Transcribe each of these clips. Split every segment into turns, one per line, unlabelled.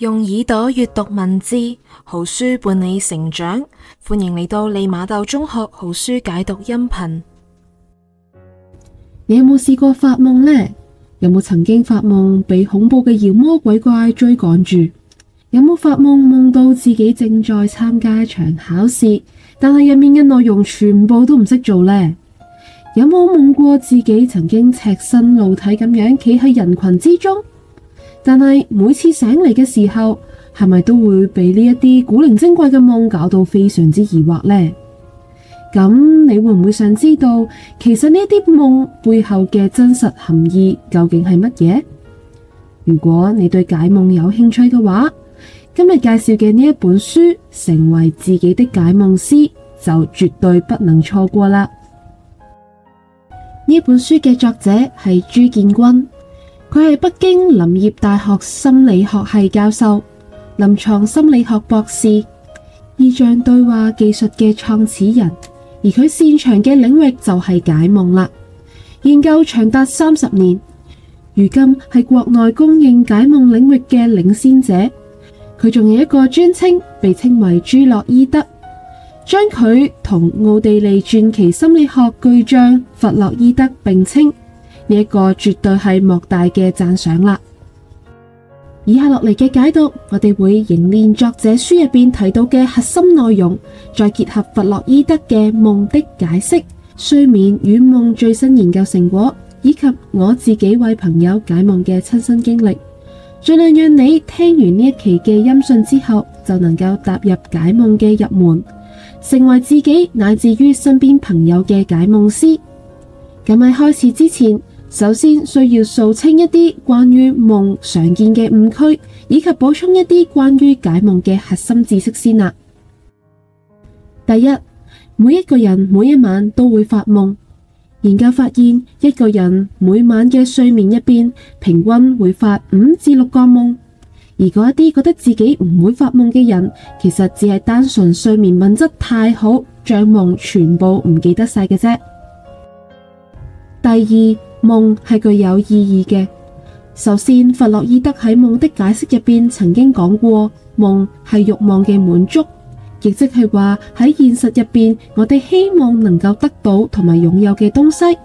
用耳朵閱讀文字，好書伴你成長。歡迎嚟到利馬竇中學好書解讀音頻。你有冇試過發夢呢？有冇曾經發夢被恐怖嘅妖魔鬼怪追趕住？有冇發夢夢到自己正在參加一場考試，但係入面嘅內容全部都唔識做呢？有冇夢過自己曾經赤身露體咁樣企喺人群之中？但係每次醒嚟嘅時候，係咪都會被呢一啲古靈精怪嘅夢搞到非常之疑惑呢？咁你會唔會想知道，其實呢啲夢背後嘅真實含義究竟係乜嘢？如果你對解夢有興趣嘅話，今日介紹嘅呢一本書《成為自己的解夢師》就絕對不能錯過啦！呢本書嘅作者係朱建軍。佢係北京林業大學心理學系教授、臨牀心理學博士、意象對話技術嘅創始人，而佢擅長嘅領域就係解夢啦，研究長達三十年，如今係國內公認解夢領域嘅領先者。佢仲有一個專稱，被稱為朱洛伊德，將佢同奧地利傳奇心理學巨匠弗洛伊德並稱。呢一個絕對係莫大嘅讚賞啦！以下落嚟嘅解讀，我哋會凝練作者書入邊提到嘅核心內容，再結合弗洛伊德嘅夢的解釋、睡眠與夢最新研究成果，以及我自己為朋友解夢嘅親身經歷，盡量讓你聽完呢一期嘅音訊之後，就能夠踏入解夢嘅入門，成為自己乃至於身邊朋友嘅解夢師。咁喺開始之前，首先需要掃清一啲關於夢常見嘅誤區，以及補充一啲關於解夢嘅核心知識先啦。第一，每一個人每一晚都會發夢。研究發現，一個人每晚嘅睡眠一邊平均會發五至六個夢，而嗰一啲覺得自己唔會發夢嘅人，其實只係單純睡眠品質太好，將夢全部唔記得晒嘅啫。第二。夢係具有意義嘅。首先，弗洛伊德喺夢的解釋入邊曾經講過，夢係慾望嘅滿足，亦即係話喺現實入邊，我哋希望能夠得到同埋擁有嘅東西，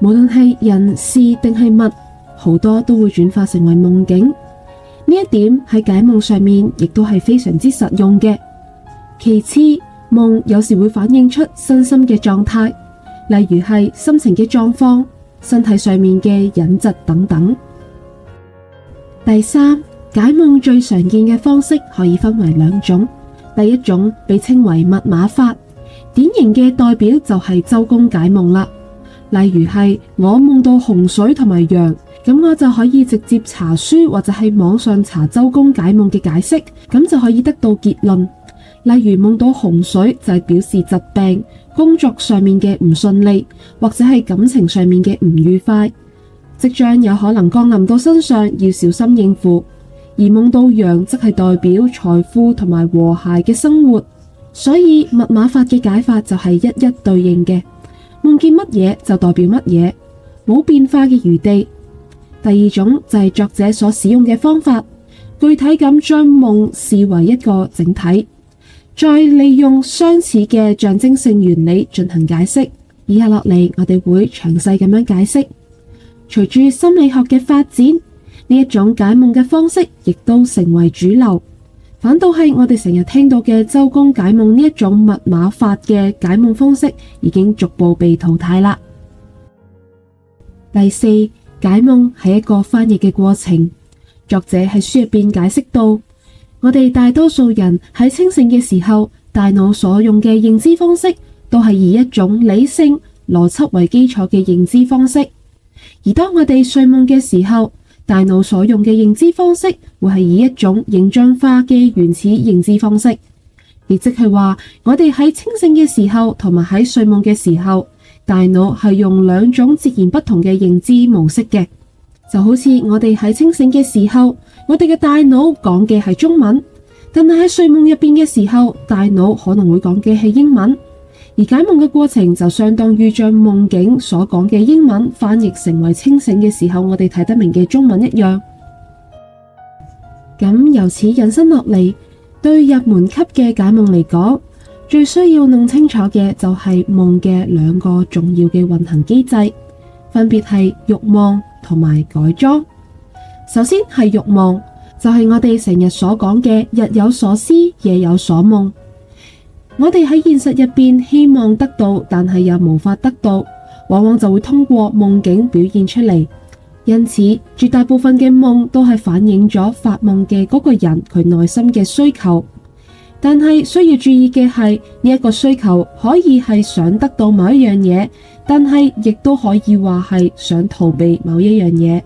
無論係人事定係物，好多都會轉化成為夢境。呢一點喺解夢上面亦都係非常之實用嘅。其次，夢有時會反映出身心嘅狀態，例如係心情嘅狀況。身體上面嘅隱疾等等。第三，解夢最常見嘅方式可以分為兩種。第一種被稱為密碼法，典型嘅代表就係周公解夢啦。例如係我夢到洪水同埋羊，咁我就可以直接查書或者喺網上查周公解夢嘅解釋，咁就可以得到結論。例如，夢到洪水就係表示疾病、工作上面嘅唔順利，或者係感情上面嘅唔愉快，即將有可能降臨到身上，要小心應付。而夢到羊則係代表財富同埋和諧嘅生活。所以密碼法嘅解法就係一一對應嘅，夢見乜嘢就代表乜嘢，冇變化嘅餘地。第二種就係作者所使用嘅方法，具體咁將夢視為一個整體。再利用相似嘅象徵性原理進行解釋。以下落嚟，我哋會詳細咁樣解釋。隨住心理學嘅發展，呢一種解夢嘅方式亦都成為主流。反倒係我哋成日聽到嘅周公解夢呢一種密碼法嘅解夢方式，已經逐步被淘汰啦。第四，解夢係一個翻譯嘅過程。作者喺書入邊解釋到。我哋大多數人喺清醒嘅時候，大腦所用嘅認知方式都係以一種理性、邏輯為基礎嘅認知方式；而當我哋睡夢嘅時候，大腦所用嘅認知方式會係以一種形象化嘅原始認知方式。亦即係話，我哋喺清醒嘅時候同埋喺睡夢嘅時候，大腦係用兩種截然不同嘅認知模式嘅。就好似我哋喺清醒嘅時候。我哋嘅大腦講嘅係中文，但係喺睡夢入邊嘅時候，大腦可能會講嘅係英文，而解夢嘅過程就相當如於將夢境所講嘅英文翻譯成為清醒嘅時候我哋睇得明嘅中文一樣。咁由此引申落嚟，對入門級嘅解夢嚟講，最需要弄清楚嘅就係夢嘅兩個重要嘅運行機制，分別係慾望同埋改裝。首先係欲望，就係、是、我哋成日所講嘅日有所思，夜有所夢。我哋喺現實入邊希望得到，但係又無法得到，往往就會通過夢境表現出嚟。因此，絕大部分嘅夢都係反映咗發夢嘅嗰個人佢內心嘅需求。但係需要注意嘅係呢一個需求，可以係想得到某一樣嘢，但係亦都可以話係想逃避某一樣嘢。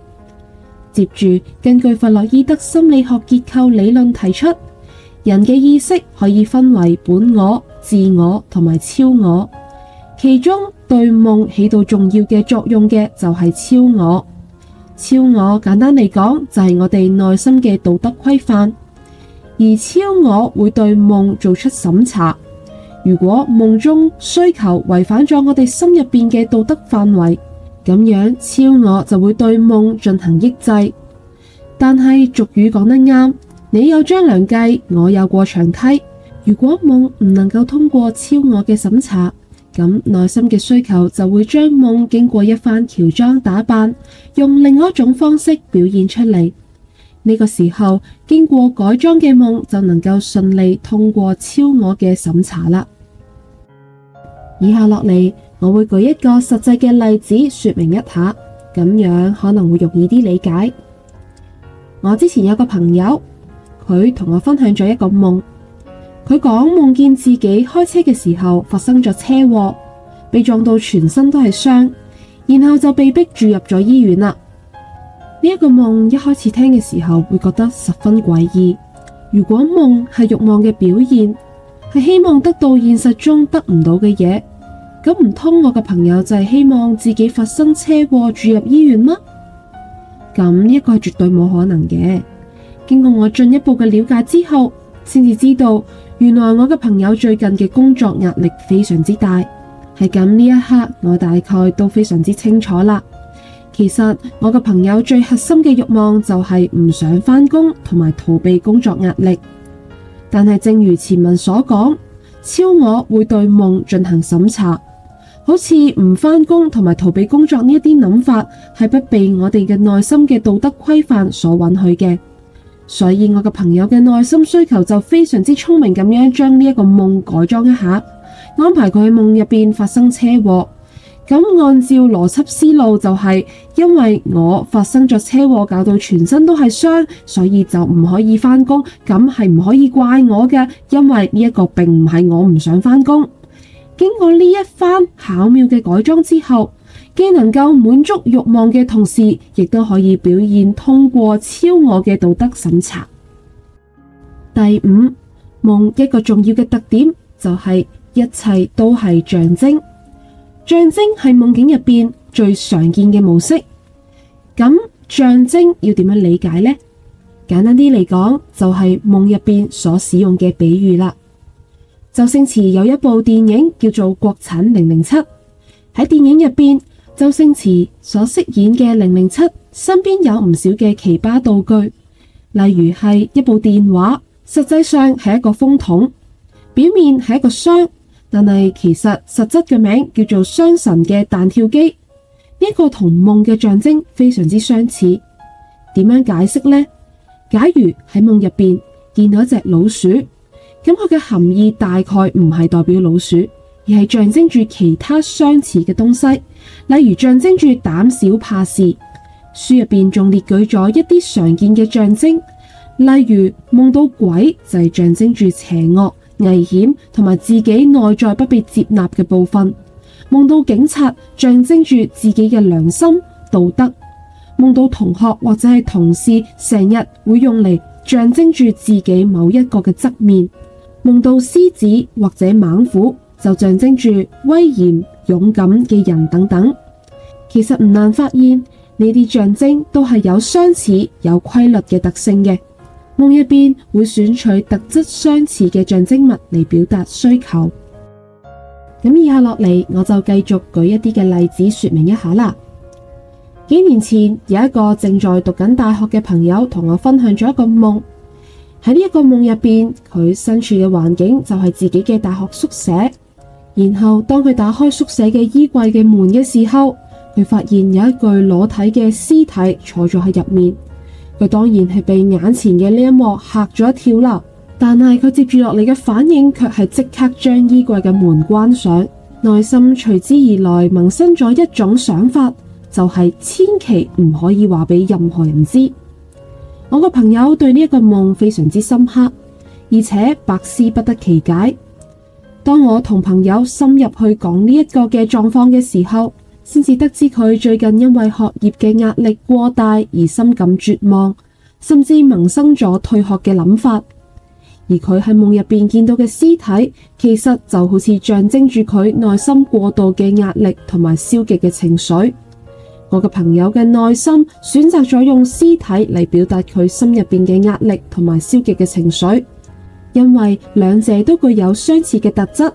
接住，根據弗洛伊德心理學結構理論提出，人嘅意識可以分為本我、自我同埋超我。其中對夢起到重要嘅作用嘅就係超我。超我簡單嚟講就係我哋內心嘅道德規範，而超我會對夢做出審查。如果夢中需求違反咗我哋心入邊嘅道德範圍。咁樣超我就會對夢進行抑制，但係俗語講得啱，你有張良計，我有過牆梯。如果夢唔能夠通過超我嘅審查，咁內心嘅需求就會將夢經過一番喬裝打扮，用另外一種方式表現出嚟。呢個時候經過改裝嘅夢就能夠順利通過超我嘅審查啦。以下落嚟。我會舉一個實際嘅例子說明一下，咁樣可能會容易啲理解。我之前有個朋友，佢同我分享咗一個夢，佢講夢見自己開車嘅時候發生咗車禍，被撞到全身都係傷，然後就被逼住入咗醫院啦。呢、這、一個夢一開始聽嘅時候會覺得十分詭異。如果夢係欲望嘅表現，係希望得到現實中得唔到嘅嘢。咁唔通我嘅朋友就係希望自己發生車禍住入醫院嗎？咁呢一個係絕對冇可能嘅。經過我進一步嘅了解之後，先至知道原來我嘅朋友最近嘅工作壓力非常之大。係咁呢一刻，我大概都非常之清楚啦。其實我嘅朋友最核心嘅慾望就係唔想返工同埋逃避工作壓力。但係正如前文所講，超我會對夢進行審查。好似唔返工同埋逃避工作呢一啲諗法，係不被我哋嘅內心嘅道德規範所允許嘅。所以，我嘅朋友嘅內心需求就非常之聰明咁樣將呢一個夢改裝一下，安排佢喺夢入邊發生車禍。咁按照邏輯思路就係、是，因為我發生咗車禍，搞到全身都係傷，所以就唔可以返工。咁係唔可以怪我嘅，因為呢一個並唔係我唔想返工。經過呢一番巧妙嘅改裝之後，既能夠滿足慾望嘅同時，亦都可以表現通過超我嘅道德審查。第五，夢一個重要嘅特點就係一切都係象徵，象徵係夢境入邊最常見嘅模式。咁象徵要點樣理解呢？簡單啲嚟講，就係、是、夢入邊所使用嘅比喻啦。周星馳有一部電影叫做《國產零零七》，喺電影入面，周星馳所飾演嘅零零七身邊有唔少嘅奇葩道具，例如係一部電話，實際上係一個風筒，表面係一個箱，但係其實實質嘅名叫做箱神嘅彈跳機。呢、這個同夢嘅象徵非常之相似。點樣解釋呢？假如喺夢入面見到一隻老鼠。咁佢嘅含義大概唔係代表老鼠，而係象徵住其他相似嘅東西，例如象徵住膽小怕事。書入面仲列舉咗一啲常見嘅象徵，例如夢到鬼就係象徵住邪惡、危險同埋自己內在不被接納嘅部分；夢到警察象徵住自己嘅良心、道德；夢到同學或者係同事，成日會用嚟象徵住自己某一個嘅側面。夢到獅子或者猛虎，就象徵住威嚴、勇敢嘅人等等。其實唔難發現呢啲象徵都係有相似、有規律嘅特性嘅。夢入邊會選取特質相似嘅象徵物嚟表達需求。咁以下落嚟，我就繼續舉一啲嘅例子說明一下啦。幾年前，有一個正在讀緊大學嘅朋友同我分享咗一個夢。喺呢一個夢入面，佢身處嘅環境就係自己嘅大學宿舍。然後當佢打開宿舍嘅衣櫃嘅門嘅時候，佢發現有一具裸體嘅屍體坐咗喺入面。佢當然係被眼前嘅呢一幕嚇咗一跳啦。但係佢接住落嚟嘅反應，卻係即刻將衣櫃嘅門關上，內心隨之而來萌生咗一種想法，就係千祈唔可以話俾任何人知。我個朋友對呢一個夢非常之深刻，而且百思不得其解。當我同朋友深入去講呢一個嘅狀況嘅時候，先至得知佢最近因為學業嘅壓力過大而深感絕望，甚至萌生咗退學嘅諗法。而佢喺夢入面見到嘅屍體，其實就好似象徵住佢內心過度嘅壓力同埋消極嘅情緒。我嘅朋友嘅內心選擇咗用屍體嚟表達佢心入邊嘅壓力同埋消極嘅情緒，因為兩者都具有相似嘅特質。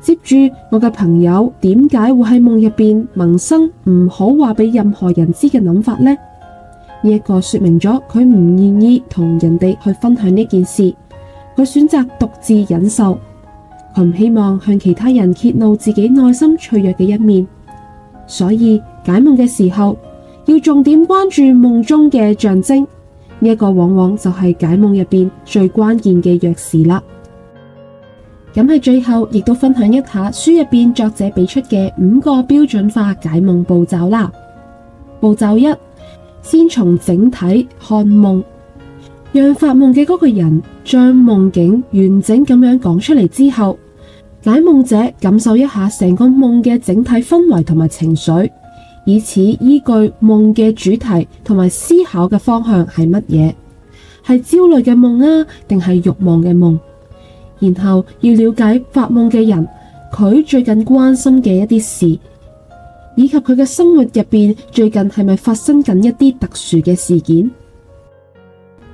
接住我嘅朋友點解會喺夢入邊萌生唔好話俾任何人知嘅諗法呢？呢個說明咗佢唔願意同人哋去分享呢件事，佢選擇獨自忍受，佢唔希望向其他人揭露自己內心脆弱嘅一面，所以。解夢嘅時候要重點關注夢中嘅象徵呢個，往往就係解夢入面最關鍵嘅鑰匙啦。咁喺最後亦都分享一下書入面作者俾出嘅五個標準化解夢步驟啦。步驟一，先從整體看夢，讓發夢嘅嗰個人將夢境完整咁樣講出嚟之後，解夢者感受一下成個夢嘅整體氛圍同埋情緒。以此依據夢嘅主題同埋思考嘅方向係乜嘢，係焦慮嘅夢啊，定係慾望嘅夢？然後要了解發夢嘅人，佢最近關心嘅一啲事，以及佢嘅生活入邊最近係咪發生緊一啲特殊嘅事件？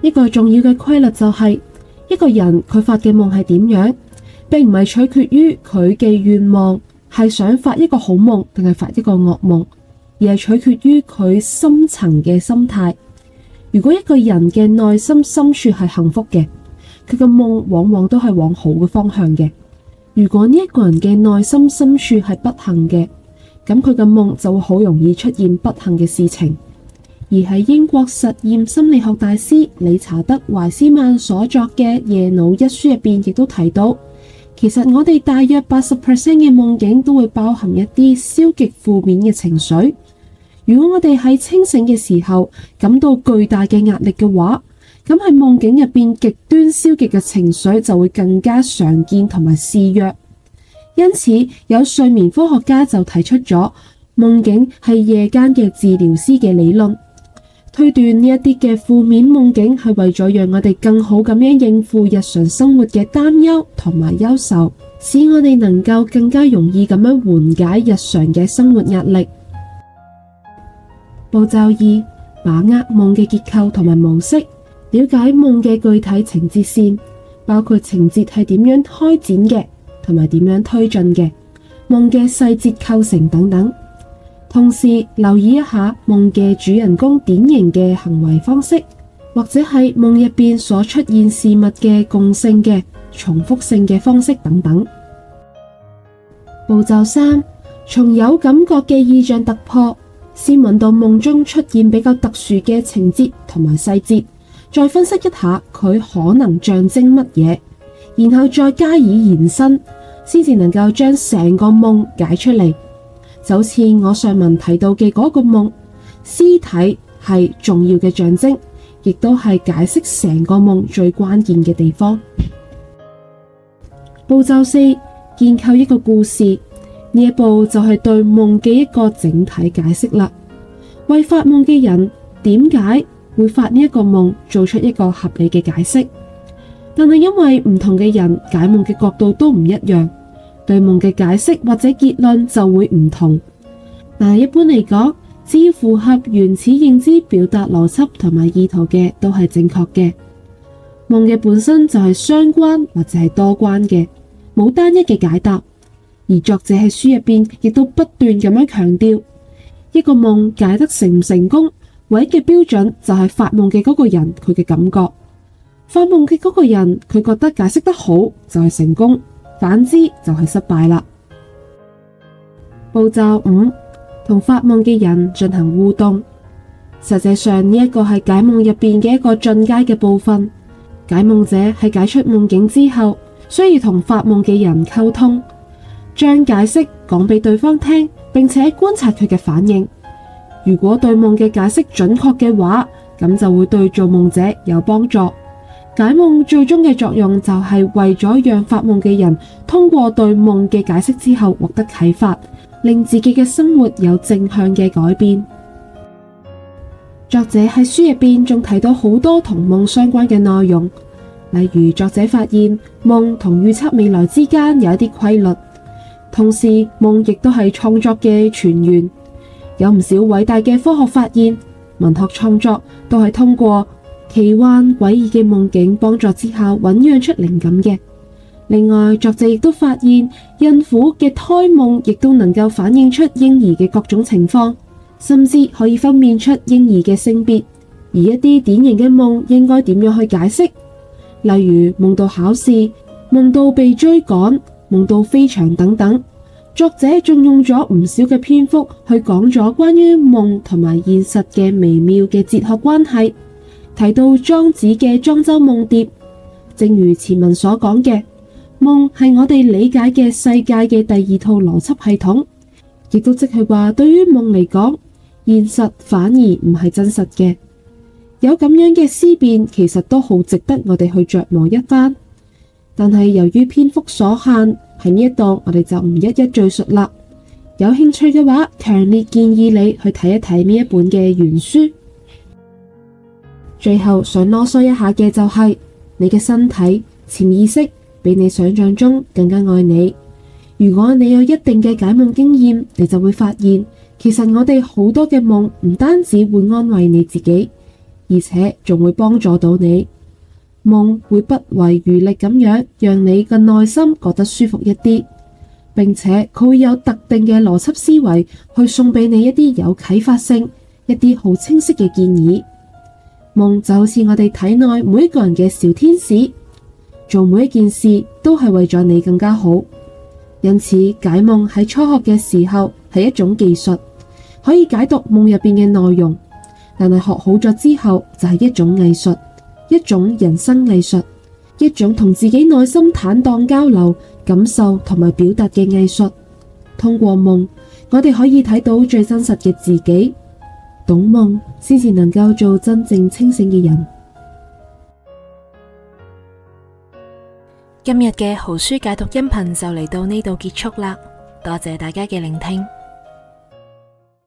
一個重要嘅規律就係，一個人佢發嘅夢係點樣，並唔係取決於佢嘅願望，係想發一個好夢定係發一個惡夢。而係取決於佢深層嘅心態。如果一個人嘅內心深處係幸福嘅，佢嘅夢往往都係往好嘅方向嘅。如果呢一個人嘅內心深處係不幸嘅，咁佢嘅夢就會好容易出現不幸嘅事情。而喺英國實驗心理學大師理查德懷斯曼所作嘅《夜腦》一書入邊，亦都提到，其實我哋大約八十 percent 嘅夢境都會包含一啲消極負面嘅情緒。如果我哋喺清醒嘅時候感到巨大嘅壓力嘅話，咁喺夢境入邊極端消極嘅情緒就會更加常見同埋肆虐。因此，有睡眠科學家就提出咗，夢境係夜間嘅治療師嘅理論，推斷呢一啲嘅負面夢境係為咗讓我哋更好咁樣應付日常生活嘅擔憂同埋憂愁，使我哋能夠更加容易咁樣緩解日常嘅生活壓力。步驟二，把握夢嘅結構同埋模式，了解夢嘅具體情節線，包括情節係點樣開展嘅，同埋點樣推進嘅，夢嘅細節構成等等。同時留意一下夢嘅主人公典型嘅行為方式，或者係夢入邊所出現事物嘅共性嘅重複性嘅方式等等。步驟三，從有感覺嘅意象突破。先揾到夢中出現比較特殊嘅情節同埋細節，再分析一下佢可能象徵乜嘢，然後再加以延伸，先至能夠將成個夢解出嚟。就好似我上文提到嘅嗰個夢，屍體係重要嘅象徵，亦都係解釋成個夢最關鍵嘅地方。步驟四，建構一個故事。呢一步就係對夢嘅一個整體解釋啦，為發夢嘅人點解會發呢一個夢，做出一個合理嘅解釋。但係因為唔同嘅人解夢嘅角度都唔一樣，對夢嘅解釋或者結論就會唔同。但一般嚟講，只要符合原始認知、表達邏輯同埋意圖嘅，都係正確嘅。夢嘅本身就係相關或者係多關嘅，冇單一嘅解答。而作者喺書入邊亦都不斷咁樣強調，一個夢解得成唔成功，唯一嘅標準就係發夢嘅嗰個人佢嘅感覺。發夢嘅嗰個人佢覺得解釋得好就係、是、成功，反之就係失敗啦。步驟五，同發夢嘅人進行互動，實際上呢一、這個係解夢入邊嘅一個進階嘅部分。解夢者喺解出夢境之後，需要同發夢嘅人溝通。將解釋講俾對方聽，並且觀察佢嘅反應。如果對夢嘅解釋準確嘅話，咁就會對做夢者有幫助。解夢最終嘅作用就係為咗讓發夢嘅人通過對夢嘅解釋之後獲得啟發，令自己嘅生活有正向嘅改變。作者喺書入邊仲提到好多同夢相關嘅內容，例如作者發現夢同預測未來之間有一啲規律。同時，夢亦都係創作嘅泉源，有唔少偉大嘅科學發現、文學創作都係通過奇幻詭異嘅夢境幫助之下醞釀出靈感嘅。另外，作者亦都發現孕婦嘅胎夢亦都能夠反映出嬰兒嘅各種情況，甚至可以分辨出嬰兒嘅性別。而一啲典型嘅夢應該點樣去解釋？例如夢到考試，夢到被追趕。夢到飛翔等等，作者仲用咗唔少嘅篇幅去講咗關於夢同埋現實嘅微妙嘅哲學關係，提到莊子嘅莊周夢蝶。正如前文所講嘅，夢係我哋理解嘅世界嘅第二套邏輯系統，亦都即係話，對於夢嚟講，現實反而唔係真實嘅。有咁樣嘅思辨，其實都好值得我哋去琢磨一番。但係由於篇幅所限。喺呢一檔，我哋就唔一一贅述啦。有興趣嘅話，強烈建議你去睇一睇呢一本嘅原書。最後想囉嗦一下嘅就係，你嘅身體潛意識比你想象中更加愛你。如果你有一定嘅解夢經驗，你就會發現，其實我哋好多嘅夢唔單止會安慰你自己，而且仲會幫助到你。夢會不遺餘力咁樣，讓你嘅內心覺得舒服一啲，並且佢會有特定嘅邏輯思維去送畀你一啲有啟發性、一啲好清晰嘅建議。夢就好似我哋體內每一個人嘅小天使，做每一件事都係為咗你更加好。因此，解夢喺初學嘅時候係一種技術，可以解讀夢入邊嘅內容，但係學好咗之後就係一種藝術。一種人生藝術，一種同自己內心坦蕩交流、感受同埋表達嘅藝術。通過夢，我哋可以睇到最真實嘅自己。懂夢，先至能夠做真正清醒嘅人。今日嘅好書解讀音頻就嚟到呢度結束啦，多謝大家嘅聆聽。